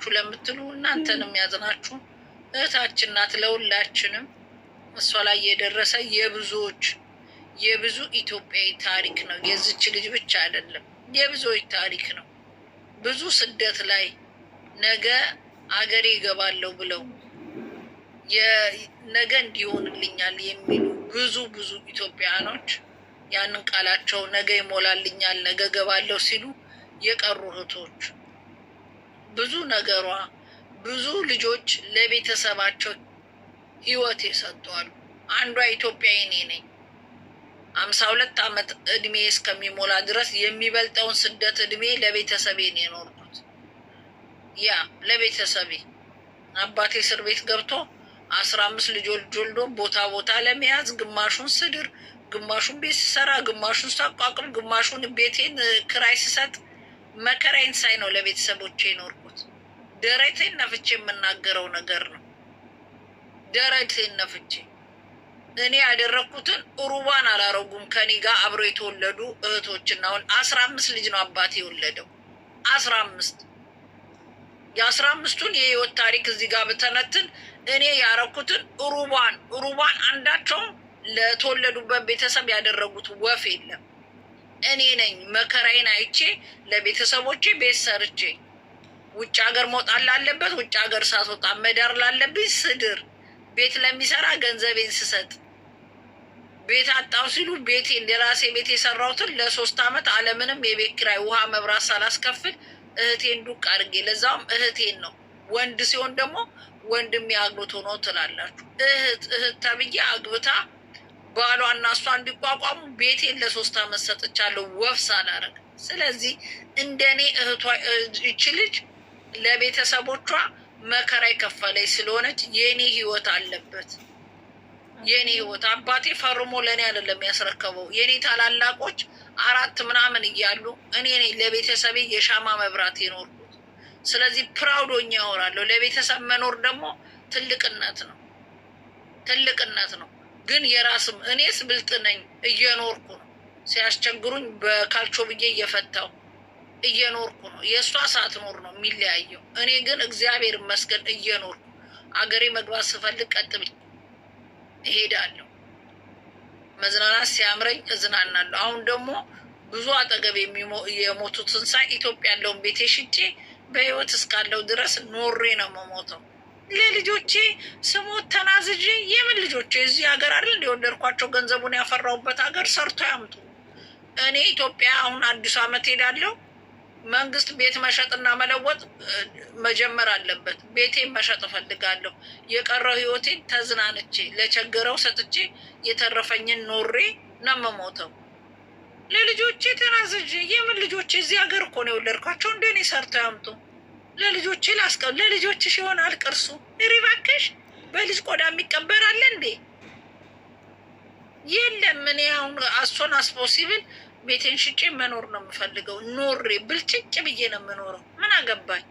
አላችሁ ለምትሉ እናንተንም ያዝናችሁ እህታችን ናት ለሁላችንም። እሷ ላይ የደረሰ የብዙዎች የብዙ ኢትዮጵያዊ ታሪክ ነው። የዚች ልጅ ብቻ አይደለም፣ የብዙዎች ታሪክ ነው። ብዙ ስደት ላይ ነገ አገሬ ይገባለሁ ብለው ነገ እንዲሆንልኛል የሚሉ ብዙ ብዙ ኢትዮጵያኖች ያንን ቃላቸው ነገ ይሞላልኛል፣ ነገ ገባለሁ ሲሉ የቀሩ እህቶች ብዙ ነገሯ ብዙ ልጆች ለቤተሰባቸው ህይወት የሰጠዋሉ። አንዷ ኢትዮጵያዊ እኔ ነኝ። አምሳ ሁለት ዓመት እድሜ እስከሚሞላ ድረስ የሚበልጠውን ስደት እድሜ ለቤተሰቤን የኖርኩት ያ ለቤተሰቤ አባቴ እስር ቤት ገብቶ አስራ አምስት ልጆች ወልዶ ቦታ ቦታ ለመያዝ ግማሹን ስድር፣ ግማሹን ቤት ስሰራ፣ ግማሹን ሳቋቅም፣ ግማሹን ቤቴን ክራይ ስሰጥ መከራዬን ሳይ ነው ለቤተሰቦቼ የኖርኩት። ደረቴን ነፍቼ የምናገረው ነገር ነው። ደረቴን ነፍቼ እኔ ያደረግኩትን ሩባን አላረጉም። ከኔ ጋር አብሮ የተወለዱ እህቶችና አሁን አስራ አምስት ልጅ ነው አባት የወለደው አስራ አምስት የአስራ አምስቱን የህይወት ታሪክ እዚህ ጋር ብተነትን እኔ ያረኩትን ሩባን ሩባን አንዳቸውም ለተወለዱበት ቤተሰብ ያደረጉት ወፍ የለም። እኔ ነኝ መከራዬን አይቼ ለቤተሰቦቼ ቤት ሰርቼ ውጭ ሀገር መውጣት ላለበት ውጭ ሀገር ሳትወጣ መዳር ላለብኝ ስድር ቤት ለሚሰራ ገንዘቤን ስሰጥ ቤት አጣው ሲሉ ቤቴን የራሴ ቤት የሰራሁትን ለሶስት አመት አለምንም የቤት ኪራይ ውሃ መብራት ሳላስከፍል እህቴን ዱቅ አድርጌ ለዛውም እህቴን ነው ወንድ ሲሆን ደግሞ ወንድም የአግብቶ ነው ትላላችሁ። እህት እህት ተብዬ አግብታ ባሏ እና እሷ እንዲቋቋሙ ቤቴን ለሶስት አመት ሰጥቻለሁ፣ ወፍስ አላረግ። ስለዚህ እንደኔ እህቷ እች ልጅ ለቤተሰቦቿ መከራ የከፈለች ስለሆነች የኔ ህይወት አለበት። የኔ ህይወት አባቴ ፈርሞ ለእኔ አይደለም ያስረከበው። የኔ ታላላቆች አራት ምናምን እያሉ እኔ ለቤተሰቤ የሻማ መብራት የኖርኩት። ስለዚህ ፕራውዶኛ ያወራለሁ። ለቤተሰብ መኖር ደግሞ ትልቅነት ነው፣ ትልቅነት ነው። ግን የራስም እኔስ ብልጥ ነኝ እየኖርኩ ነው። ሲያስቸግሩኝ በካልቾ ብዬ እየፈታው እየኖርኩ ነው። የእሷ ሳትኖር ነው የሚለያየው። እኔ ግን እግዚአብሔር ይመስገን እየኖርኩ አገሬ መግባት ስፈልግ ቀጥ ብዬ እሄዳለሁ። መዝናናት ሲያምረኝ እዝናናለሁ። አሁን ደግሞ ብዙ አጠገብ የሞቱትን ሳይ ኢትዮጵያ ያለውን ቤቴ ሽጬ በህይወት እስካለው ድረስ ኖሬ ነው የምሞተው። ለልጆቼ ስሞት ተናዝዤ የምን ልጆቼ እዚህ ሀገር አይደል እንደወደድኳቸው ገንዘቡን ያፈራውበት ሀገር ሰርቶ ያምጡ። እኔ ኢትዮጵያ አሁን አዲስ አመት ሄዳለሁ። መንግስት ቤት መሸጥና መለወጥ መጀመር አለበት። ቤቴን መሸጥ እፈልጋለሁ። የቀረው ህይወቴን ተዝናንቼ ለቸገረው ሰጥቼ የተረፈኝን ኖሬ ነው የምሞተው። ለልጆቼ ተናዝዤ የምን ልጆቼ እዚህ ሀገር እኮ ነው የወለድኳቸው። እንደኔ ሰርተው ያምጡ። ለልጆች ላስቀ ለልጆችሽ ይሆናል ቅርሱ። እሪ እባክሽ በልጅ ቆዳ የሚቀበር አለ እንዴ? የለም። እኔ አሁን አሶን አስቦ ሲብል ቤቴን ሽጬ መኖር ነው የምፈልገው። ኖሬ ብልጭጭ ብዬ ነው የምኖረው። ምን አገባኝ?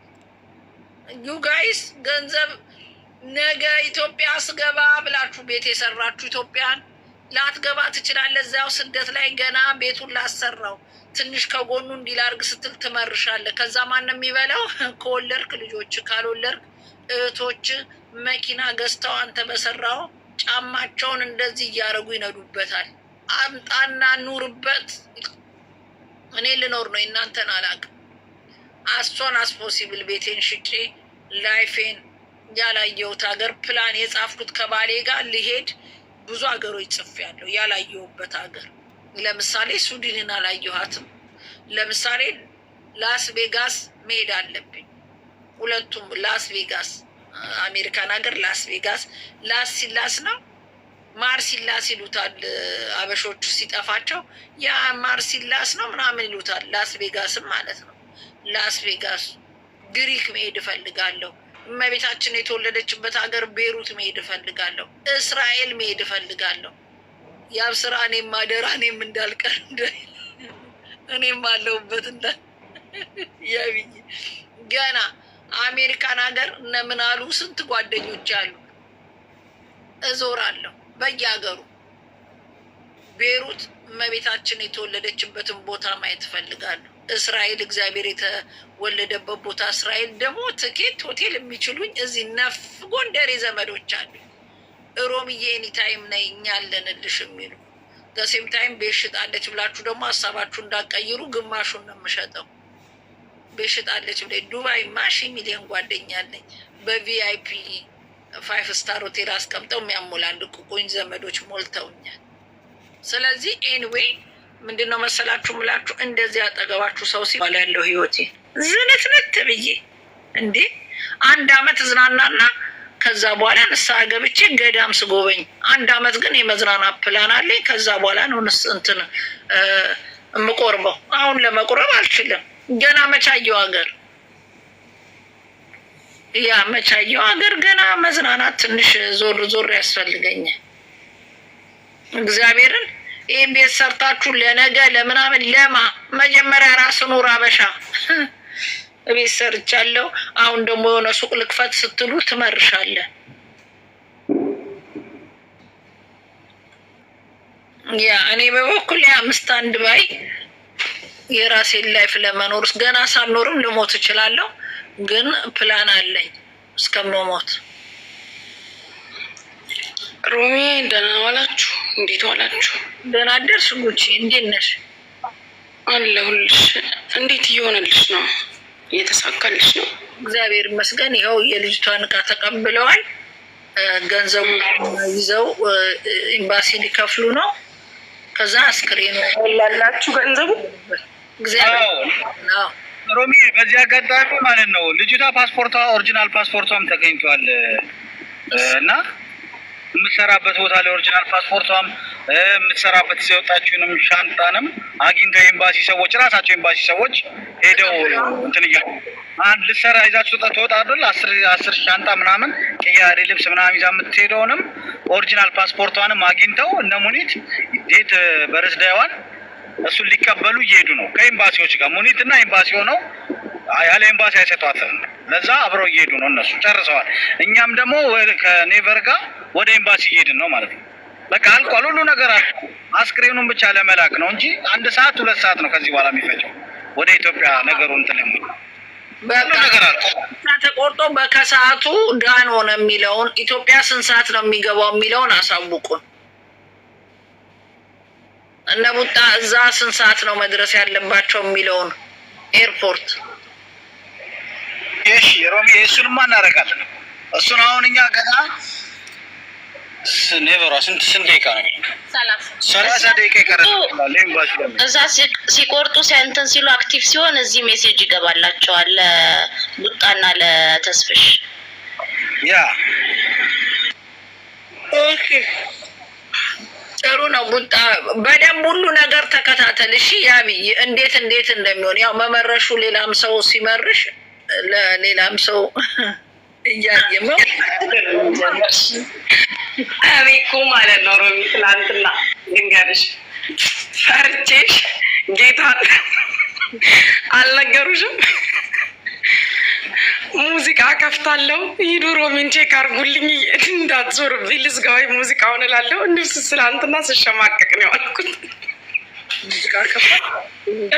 ዩጋይስ ገንዘብ ነገ ኢትዮጵያ ስገባ ብላችሁ ቤት የሰራችሁ ኢትዮጵያን ላትገባ ትችላለ እዚያው ስደት ላይ ገና ቤቱን ላሰራው ትንሽ ከጎኑ እንዲላርግ ስትል ትመርሻለ። ከዛ ማነው የሚበላው? ከወለድክ ልጆች፣ ካልወለድክ እህቶች መኪና ገዝተው አንተ በሰራው ጫማቸውን እንደዚህ እያደረጉ ይነዱበታል። አምጣና ኑርበት። እኔ ልኖር ነው እናንተን አላውቅም። አሶን አስፖሲብል ቤቴን ሽጬ ላይፌን ያላየሁት ሀገር ፕላን የጻፍኩት ከባሌ ጋር ልሄድ ብዙ ሀገሮች ጽፌያለሁ፣ ያላየሁበት ሀገር ለምሳሌ ሱዲንን አላየኋትም። ለምሳሌ ላስ ቬጋስ መሄድ አለብኝ። ሁለቱም ላስ ቬጋስ አሜሪካን ሀገር ላስ ቬጋስ ላስ ሲላስ ነው ማር ሲላስ ይሉታል አበሾቹ ሲጠፋቸው፣ ያ ማር ሲላስ ነው ምናምን ይሉታል። ላስ ቬጋስም ማለት ነው። ላስ ቬጋስ ግሪክ መሄድ እፈልጋለሁ። እመቤታችን የተወለደችበት ሀገር ቤሩት መሄድ እፈልጋለሁ። እስራኤል መሄድ እፈልጋለሁ። ያብ ስራ እኔም አደራ እኔም እንዳልቀር እኔም አለሁበት እንዳል ያብይ ገና አሜሪካን ሀገር እነምናሉ አሉ ስንት ጓደኞች አሉ። እዞራለሁ በየሀገሩ ቤሩት እመቤታችን የተወለደችበትን ቦታ ማየት እፈልጋለሁ። እስራኤል እግዚአብሔር የተወለደበት ቦታ እስራኤል ደግሞ ትኬት ሆቴል የሚችሉኝ እዚህ ነፍ ጎንደሬ ዘመዶች አሉ። ሮምዬ ኤኒታይም ነይ እኛ አለንልሽ የሚሉ በሴም ታይም ቤት ብላችሁ ደግሞ ሀሳባችሁ እንዳትቀይሩ። ግማሹን ነው የምሸጠው። ቤት ሽጣለች ብላ ዱባይ ማሽ ሚሊዮን ጓደኛ አለኝ። በቪአይፒ ፋይፍ ስታር ሆቴል አስቀምጠው የሚያሞላልቁኝ ዘመዶች ሞልተውኛል። ስለዚህ ኤንዌይ ምንድን ነው መሰላችሁ ምላችሁ እንደዚህ አጠገባችሁ ሰው ሲባል ያለው ህይወቴ ዝንትንት ብዬ እንዴ አንድ አመት እዝናናና ከዛ በኋላ ንስሐ ገብቼ ገዳም ስጎበኝ አንድ አመት ግን የመዝናናት ፕላን አለኝ። ከዛ በኋላ ነው ንስ እንትን የምቆርበው። አሁን ለመቁረብ አልችልም። ገና መቻየው ሀገር ያ መቻየው ሀገር ገና መዝናናት ትንሽ ዞር ዞር ያስፈልገኛል እግዚአብሔርን ይህም ቤት ሰርታችሁ ለነገ ለምናምን ለማ መጀመሪያ ራስ ኑር አበሻ። ቤት ሰርቻለሁ፣ አሁን ደግሞ የሆነ ሱቅ ልክፈት ስትሉ ትመርሻለ። ያ እኔ በበኩል የአምስት አንድ ባይ የራሴን ላይፍ ለመኖር ገና ሳልኖርም ልሞት እችላለሁ፣ ግን ፕላን አለኝ እስከምሞት። ሮሚ ደህና ዋላችሁ? እንዴት ዋላችሁ? ደህና አደርሽ? ጉቺ እንዴት ነሽ? አለሁልሽ። እንዴት እየሆነልሽ ነው? እየተሳካልሽ ነው? እግዚአብሔር ይመስገን። ይኸው የልጅቷን እቃ ተቀብለዋል። ገንዘቡ ይዘው ኤምባሲ ሊከፍሉ ነው። ከዛ አስክሬን ላላችሁ ገንዘቡ እግዚአብሔር ሮሚ፣ በዚህ አጋጣሚ ማለት ነው ልጅቷ ፓስፖርቷ ኦሪጂናል ፓስፖርቷም ተገኝቷል እና የምትሰራበት ቦታ ላይ ኦሪጂናል ፓስፖርቷም የምትሰራበት የወጣችሁንም ሻንጣንም አግኝተው ኤምባሲ ሰዎች ራሳቸው ኤምባሲ ሰዎች ሄደው እንትን እያሉ አንድ ልትሰራ ይዛችሁ ተወጣ አስር አስር ሻንጣ ምናምን ቅያሬ ልብስ ምናምን ይዛ የምትሄደውንም ኦሪጂናል ፓስፖርቷንም አግኝተው እነ ሙኒት ዴት በርዝዳይዋን እሱን ሊቀበሉ እየሄዱ ነው። ከኤምባሲዎች ጋር ሙኒት እና ኤምባሲ ሆነው ያለ ኤምባሲ አይሰጧትም። ለዛ አብረው እየሄዱ ነው እነሱ ጨርሰዋል። እኛም ደግሞ ከኔቨር ጋር ወደ ኤምባሲ እየሄድን ነው ማለት ነው። በቃ አልቋል፣ ሁሉ ነገር አል አስክሬኑን ብቻ ለመላክ ነው እንጂ አንድ ሰዓት ሁለት ሰዓት ነው ከዚህ በኋላ የሚፈጀው ወደ ኢትዮጵያ ነገሩ እንትን ተቆርጦ ከሰዓቱ ዳን ሆነ የሚለውን ኢትዮጵያ ስንት ሰዓት ነው የሚገባው የሚለውን አሳውቁን። እነ ቡጣ እዛ ስንት ሰዓት ነው መድረስ ያለባቸው የሚለውን ኤርፖርት። እሺ ሮሚ እሱንማ እናደርጋለን። እሱን አሁን እኛ ገና ኔቨሯ ስንት ስንት ደቂቃ ነው? ሰላሳ ደቂቃ ይቀራል። እዛ ሲቆርጡ እንትን ሲሉ አክቲቭ ሲሆን እዚህ ሜሴጅ ይገባላቸዋል ለቡጣና ለተስፍሽ ያ ኦኬ ጥሩ ነው ሩጣ፣ በደንብ ሁሉ ነገር ተከታተል። እሺ ያብይ እንዴት እንዴት እንደሚሆን ያው መመረሹ ሌላም ሰው ሲመርሽ ለሌላም ሰው እያየመ እኮ ማለት ነው። ሮሚ ትላንትና ድንገርሽ ፈርቼሽ ጌታ አልነገሩሽም ሙዚቃ ከፍታለው ይዱሮ ምንቼ ካርጉልኝ እንዳትዞርብኝ ልዝጋዊ ሙዚቃውን እላለሁ። እንዲስ ስላንትና ስሸማቀቅ ነው ያልኩት።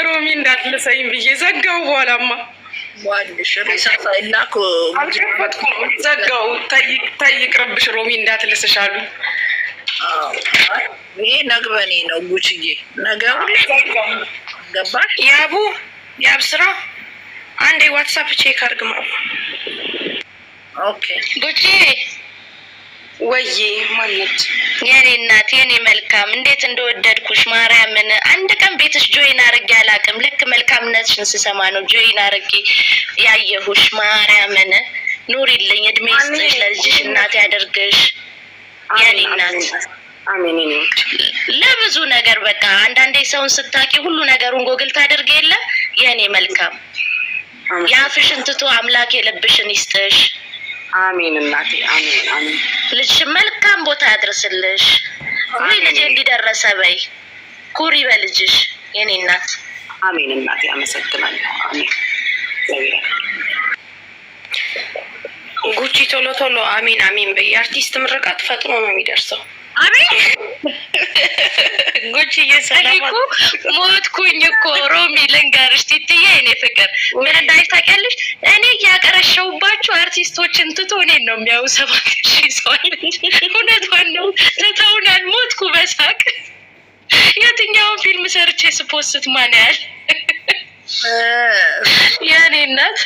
ሮሚ እንዳትልሰኝ ብዬ ዘጋው። በኋላማ አልከፈትኩም፣ ዘጋው። ተይቅርብሽ ሮሚ እንዳትልስሽ አሉ። ይሄ ነግበኔ ነው ጉችዬ ነገ ገባሽ? ያቡ ያብስራ አንዴ ዋትሳፕ ቼክ አድርግማው። ኦኬ ጉቺ ማነች የኔ እናት የኔ መልካም፣ እንዴት እንደወደድኩሽ ማርያምን። አንድ ቀን ቤትሽ ጆይን አርጌ አላቅም። ልክ መልካምነትሽን ስሰማ ነው ጆይን አርጌ ያየሁሽ። ማርያምን ኑሪልኝ፣ እድሜ ይስጥሽ፣ ለልጅሽ እናት ያደርግሽ የኔ እናት። ለብዙ ነገር በቃ አንዳንዴ ሰውን ስታቂ ሁሉ ነገሩን ጎግል ታደርግ የለ የኔ መልካም የአፍሽን ትቶ አምላክ የልብሽን ይስጥሽ። አሜን እናቴ አሜን አሜን። ልጅሽ መልካም ቦታ ያድርስልሽ። ወይ ልጅ እንዲደረሰ በይ፣ ኩሪ በልጅሽ የኔ እናት። አሜን እናቴ አመሰግናለሁ። አሜን ጉቺ ቶሎ ቶሎ አሜን አሜን በይ። አርቲስት ምርቃት ፈጥኖ ነው የሚደርሰው። ጉቺዬ ሰላም ሞትኩኝ እኮ ሮሚ ልንገርሽ፣ ትዬ እኔ ፍቅር ምን እንዳለች ታውቂያለሽ? እኔ እያቀረሸውባቸው አርቲስቶችን ትቶ እኔን ነው የሚያዩ ሰባት ሺህ ሰው እውነት ዋናው ትተውናል። ሞትኩ በሳቅ የትኛውን ፊልም ሰርቼ ስፖስት ማን ያህል የኔ እናት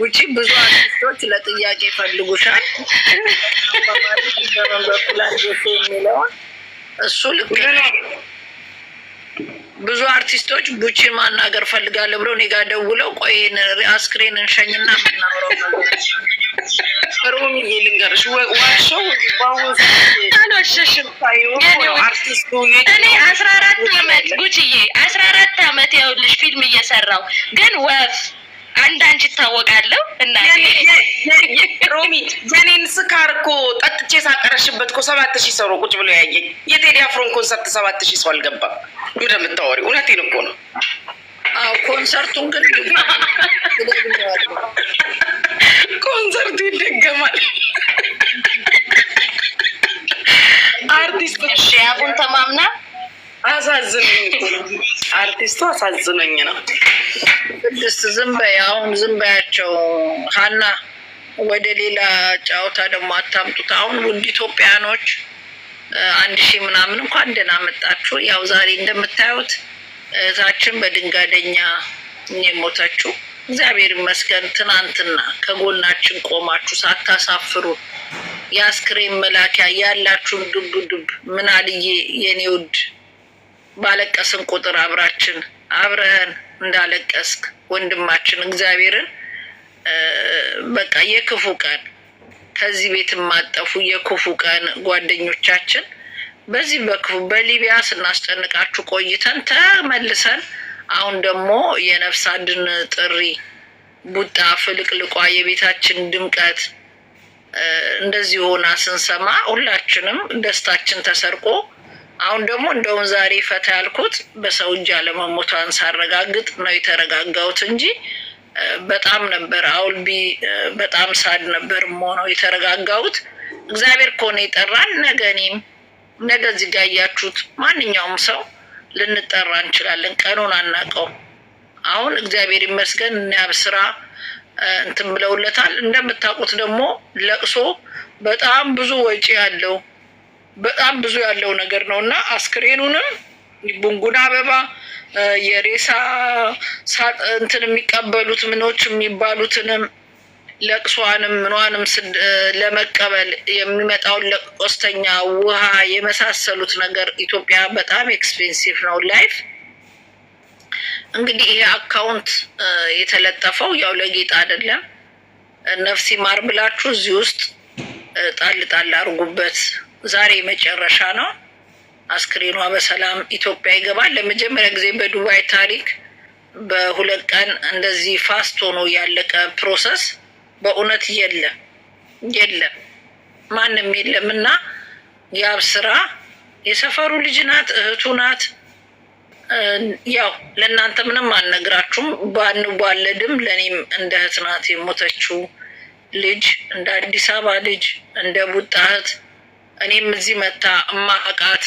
ጉጪ ብዙ አርቲስቶች ለጥያቄ ይፈልጉሻል የሚለውን እሱ ልክ ብዙ አርቲስቶች ቡቺ ማናገር ፈልጋለሁ ብለው እኔ ጋ ደውለው ቆይ አስክሬን እንሸኝና ምናውረው ሮሚ ልንገርሽ፣ ዋሸው አልዋሸሽም። እኔ አስራ አራት አመት ጉቺዬ፣ አስራ አራት አመት ይኸውልሽ ፊልም እየሰራው ግን ወፍ አንድ አንቺ ይታወቃለሁ እና ሮሚ የኔን ስካር እኮ ጠጥቼ ሳቀረሽበት እኮ ሰባት ሺህ ሰው ነው ቁጭ ብሎ ያየኝ። የቴዲ አፍሮን ኮንሰርት ሰባት ሺህ ሰው አልገባም። ምንድን ነው የምታወሪው? እውነቴን እኮ ነው። ኮንሰርቱን ግን ኮንሰርቱ ይደገማል። አርቲስቱ አሁን ተማምና አሳዝነኝ አርቲስቱ አሳዝነኝ ነው። ቅድስት ዝም በይ አሁን ዝም በያቸው። ሀና ወደ ሌላ ጫውታ ደግሞ አታምጡት። አሁን ውድ ኢትዮጵያኖች አንድ ሺህ ምናምን እንኳን ደህና መጣችሁ። ያው ዛሬ እንደምታዩት እህታችን በድንጋደኛ የሞተችው እግዚአብሔር ይመስገን። ትናንትና ከጎናችን ቆማችሁ ሳታሳፍሩን የአስክሬን መላኪያ ያላችሁን ዱብ ዱብ ምናልዬ የኔ ውድ ባለቀስን ቁጥር አብራችን አብረህን እንዳለቀስክ ወንድማችን እግዚአብሔርን በቃ የክፉ ቀን ከዚህ ቤት የማጠፉ የክፉ ቀን ጓደኞቻችን በዚህ በክፉ በሊቢያ ስናስጨንቃችሁ ቆይተን ተመልሰን አሁን ደግሞ የነፍስ አድን ጥሪ ቡጣ ፍልቅልቋ የቤታችን ድምቀት እንደዚህ ሆና ስንሰማ ሁላችንም ደስታችን ተሰርቆ አሁን ደግሞ እንደውም ዛሬ ፈታ ያልኩት በሰው እጅ አለመሞቷን ሳረጋግጥ ነው የተረጋጋሁት እንጂ በጣም ነበር አውልቢ በጣም ሳድ ነበር ሆነው የተረጋጋሁት። እግዚአብሔር ከሆነ ይጠራል ነገ እኔም ነገ እዚህ ጋ እያችሁት ማንኛውም ሰው ልንጠራ እንችላለን። ቀኑን አናቀው አሁን እግዚአብሔር ይመስገን እናያብ ስራ እንትን ብለውለታል። እንደምታውቁት ደግሞ ለቅሶ በጣም ብዙ ወጪ ያለው በጣም ብዙ ያለው ነገር ነው እና አስክሬኑንም ቡንጉን አበባ የሬሳ እንትን የሚቀበሉት ምኖች የሚባሉትንም ለቅሷንም ምኗንም ለመቀበል የሚመጣውን ለቆስተኛ ውሃ የመሳሰሉት ነገር ኢትዮጵያ በጣም ኤክስፔንሲቭ ነው ላይፍ። እንግዲህ ይሄ አካውንት የተለጠፈው ያው ለጌጥ አይደለም። ነፍሲ ማር ብላችሁ እዚህ ውስጥ ጣል ጣል አድርጉበት። ዛሬ መጨረሻ ነው። አስክሬኗ በሰላም ኢትዮጵያ ይገባል። ለመጀመሪያ ጊዜ በዱባይ ታሪክ በሁለት ቀን እንደዚህ ፋስት ሆኖ ያለቀ ፕሮሰስ በእውነት የለም የለም ማንም የለም። እና ያብ ስራ የሰፈሩ ልጅ ናት፣ እህቱ ናት። ያው ለእናንተ ምንም አልነግራችሁም። ባንዋለድም ለእኔም እንደ እህት ናት የሞተችው ልጅ እንደ አዲስ አበባ ልጅ እንደ ቡጣ እህት እኔም እዚህ መታ እማቃት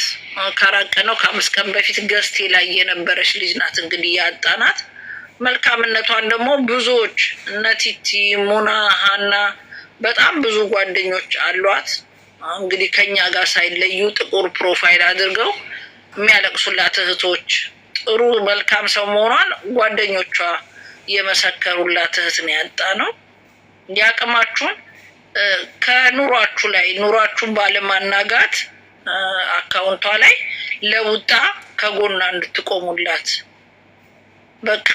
ከአራት ቀን ነው ከአምስት ቀን በፊት ገዝቴ ላይ የነበረች ልጅ ናት እንግዲህ ያጣናት መልካምነቷን ደግሞ ብዙዎች እነ ቲቲ፣ ሙና፣ ሀና በጣም ብዙ ጓደኞች አሏት። እንግዲህ ከኛ ጋር ሳይለዩ ጥቁር ፕሮፋይል አድርገው የሚያለቅሱላት እህቶች ጥሩ መልካም ሰው መሆኗን ጓደኞቿ የመሰከሩላት እህት ነው ያጣ ነው። የአቅማችሁን ከኑሯችሁ ላይ ኑሯችሁን ባለማናጋት አካውንቷ ላይ ለውጣ ከጎና እንድትቆሙላት በቃ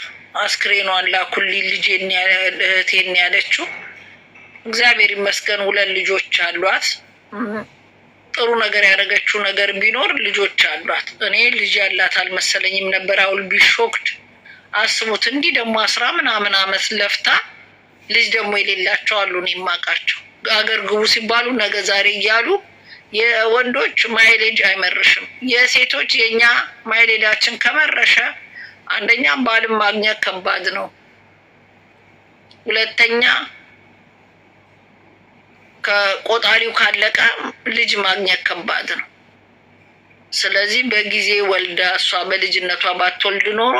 አስክሬኗን ላኩልኝ ልጄ እህቴን ያለችው። እግዚአብሔር ይመስገን ሁለት ልጆች አሏት። ጥሩ ነገር ያደረገችው ነገር ቢኖር ልጆች አሏት። እኔ ልጅ ያላት አልመሰለኝም ነበር። አሁን ቢሾክድ አስቡት። እንዲህ ደግሞ አስራ ምናምን አመት ለፍታ ልጅ ደግሞ የሌላቸው አሉ። እኔ የማውቃቸው አገር ግቡ ሲባሉ ነገ ዛሬ እያሉ የወንዶች ማይሌጅ አይመርሽም። የሴቶች የእኛ ማይሌዳችን ከመረሸ አንደኛ ባልም ማግኘት ከባድ ነው። ሁለተኛ ከቆጣሪው ካለቀ ልጅ ማግኘት ከባድ ነው። ስለዚህ በጊዜ ወልዳ እሷ በልጅነቷ ባትወልድ ኖሮ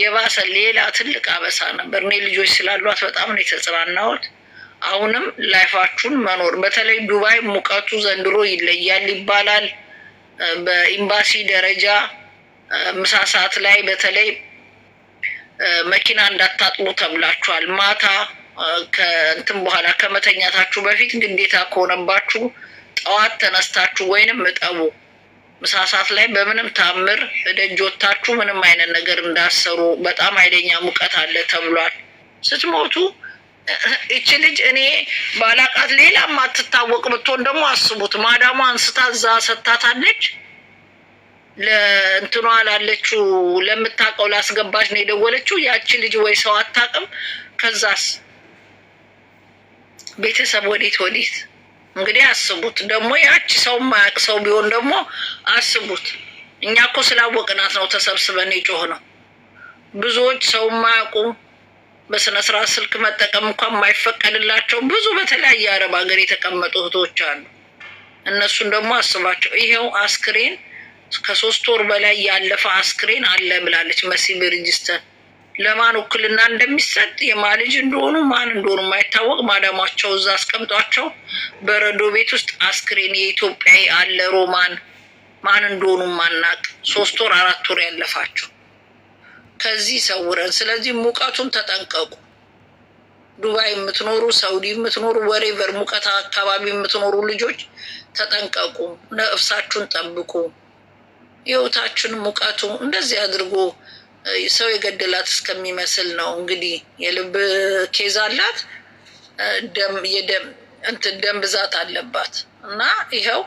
የባሰ ሌላ ትልቅ አበሳ ነበር። እኔ ልጆች ስላሏት በጣም ነው የተጽናናሁት። አሁንም ላይፋችሁን መኖር በተለይ ዱባይ ሙቀቱ ዘንድሮ ይለያል ይባላል በኤምባሲ ደረጃ ምሳ ሰዓት ላይ በተለይ መኪና እንዳታጥቡ ተብላችኋል። ማታ ከእንትን በኋላ ከመተኛታችሁ በፊት ግዴታ ከሆነባችሁ ጠዋት ተነስታችሁ ወይንም እጠቡ። ምሳ ሰዓት ላይ በምንም ታምር እደጅ ወታችሁ ምንም አይነት ነገር እንዳሰሩ በጣም ኃይለኛ ሙቀት አለ ተብሏል። ስትሞቱ ይቺ ልጅ እኔ ባላቃት ሌላ ማትታወቅ ብትሆን ደግሞ አስቡት። ማዳሟ አንስታ እዛ ሰታታለች። ለእንትኗ ላለችው ለምታውቀው ላስገባች ነው የደወለችው። ያቺ ልጅ ወይ ሰው አታውቅም። ከዛስ ቤተሰብ ወዴት ወዴት? እንግዲህ አስቡት። ደግሞ ያቺ ሰው ማያውቅ ሰው ቢሆን ደግሞ አስቡት። እኛ እኮ ስላወቅናት ነው ተሰብስበን የጮህ ነው። ብዙዎች ሰው ማያውቁ በስነ ስርዓት ስልክ መጠቀም እንኳን የማይፈቀድላቸው ብዙ በተለያየ አረብ ሀገር የተቀመጡ እህቶች አሉ። እነሱን ደግሞ አስባቸው። ይሄው አስክሬን ከሶስት ወር በላይ ያለፈ አስክሬን አለ ብላለች መሲ በሬጅስተር ለማን ውክልና እንደሚሰጥ የማን ልጅ እንደሆኑ ማን እንደሆኑ የማይታወቅ ማዳሟቸው እዛ አስቀምጧቸው በረዶ ቤት ውስጥ አስክሬን የኢትዮጵያ አለ ሮማን ማን እንደሆኑ ማናቅ ሶስት ወር አራት ወር ያለፋቸው ከዚህ ሰውረን። ስለዚህ ሙቀቱን ተጠንቀቁ። ዱባይ የምትኖሩ፣ ሳውዲ የምትኖሩ፣ ወሬቨር ሙቀት አካባቢ የምትኖሩ ልጆች ተጠንቀቁ፣ ነፍሳችሁን ጠብቁ። የውታችን ሙቀቱ እንደዚህ አድርጎ ሰው የገደላት እስከሚመስል ነው። እንግዲህ የልብ ኬዝ አላት፣ እንትን ደም ብዛት አለባት እና ይኸው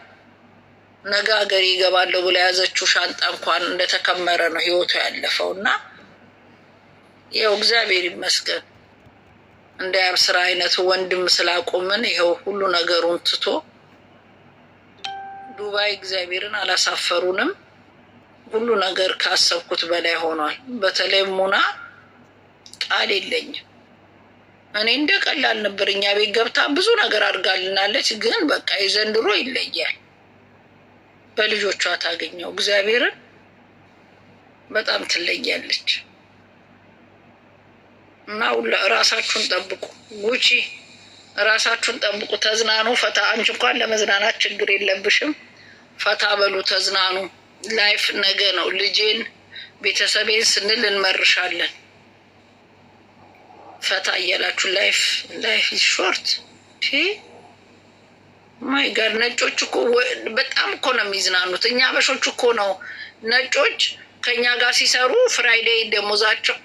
ነገ ሀገር ይገባለሁ ብላ የያዘችው ሻንጣ እንኳን እንደተከመረ ነው ህይወቱ ያለፈው እና ይኸው እግዚአብሔር ይመስገን እንደ ያብስራ አይነት አይነቱ ወንድም ስላቆምን ይኸው ሁሉ ነገሩን ትቶ ዱባይ እግዚአብሔርን አላሳፈሩንም። ሁሉ ነገር ካሰብኩት በላይ ሆኗል። በተለይ ሙና ቃል የለኝም። እኔ እንደ ቀላል ነበር። እኛ ቤት ገብታ ብዙ ነገር አድርጋልናለች። ግን በቃ የዘንድሮ ይለያል። በልጆቿ ታገኘው እግዚአብሔርን በጣም ትለያለች። እና ራሳችሁን ጠብቁ ጉቺ፣ ራሳችሁን ጠብቁ። ተዝናኑ፣ ፈታ። አንቺ እንኳን ለመዝናናት ችግር የለብሽም። ፈታ በሉ፣ ተዝናኑ። ላይፍ ነገ ነው። ልጄን ቤተሰቤን ስንል እንመርሻለን። ፈታ እያላችሁ ላይፍ ላይፍ ሾርት ማይ ጋር ነጮች እኮ በጣም እኮ ነው የሚዝናኑት። እኛ አበሾች እኮ ነው ነጮች ከኛ ጋር ሲሰሩ ፍራይዴይ ደሞዛቸው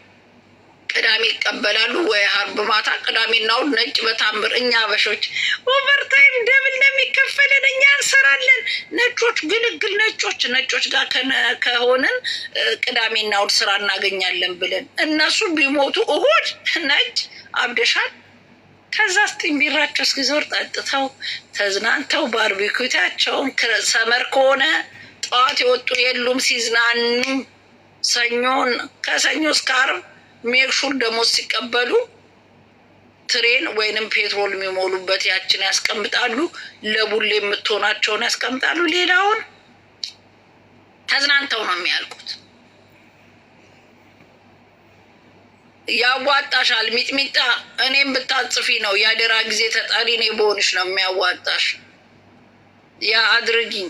ቅዳሜ ይቀበላሉ ወይ አርብ ማታ ቅዳሜና እሑድ ነጭ በታምር እኛ አበሾች ኦቨርታይም ደብል እንደሚከፈለን እኛ እንሰራለን። ነጮች ግልግል ነጮች ነጮች ጋር ከሆንን ቅዳሜና እሑድ ስራ እናገኛለን ብለን እነሱ ቢሞቱ እሑድ ነጭ አብደሻል። ከዛ ስጥ ቢራቸው እስኪ ዞር ጠጥተው ተዝናንተው ባርቢኪታቸውን ሰመር ከሆነ ጠዋት የወጡ የሉም ሲዝናኑ ሰኞን ከሰኞ እስከ አርብ ሜክሹር ደሞዝ ሲቀበሉ ትሬን ወይንም ፔትሮል የሚሞሉበት ያችን ያስቀምጣሉ። ለቡሌ የምትሆናቸውን ያስቀምጣሉ። ሌላውን ተዝናንተው ነው የሚያልቁት። ያዋጣሻል ሚጥሚጣ፣ እኔም ብታጽፊ ነው የአደራ ጊዜ ተጠሪ እኔ በሆንሽ ነው የሚያዋጣሽ። ያ አድርጊኝ፣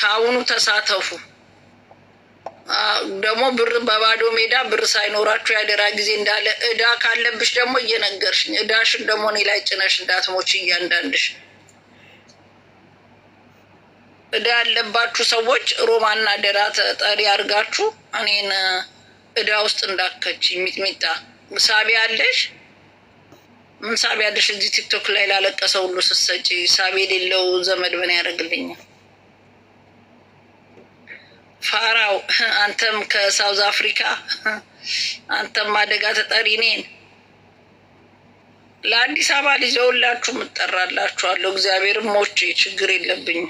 ከአሁኑ ተሳተፉ። ደግሞ ብር በባዶ ሜዳ ብር ሳይኖራችሁ ያደራ ጊዜ እንዳለ እዳ ካለብሽ ደግሞ እየነገርሽኝ እዳሽን ደግሞ እኔ ላይ ጭነሽ እንዳትሞች እያንዳንድሽ እዳ ያለባችሁ ሰዎች ሮማና ደራ ተጠሪ አድርጋችሁ እኔን እዳ ውስጥ እንዳከች ሚጥሚጣ ሳቢ አለሽ ምን ሳቢ አለሽ እዚህ ቲክቶክ ላይ ላለቀሰው ሁሉ ስትሰጪ ሳቢ የሌለው ዘመድ ምን ያደርግልኛል? ፋራው አንተም ከሳውዝ አፍሪካ አንተም አደጋ ተጠሪ እኔን ለአዲስ አበባ ልዘውላችሁ ምጠራላችኋለሁ። እግዚአብሔር ሞቼ ችግር የለብኝም።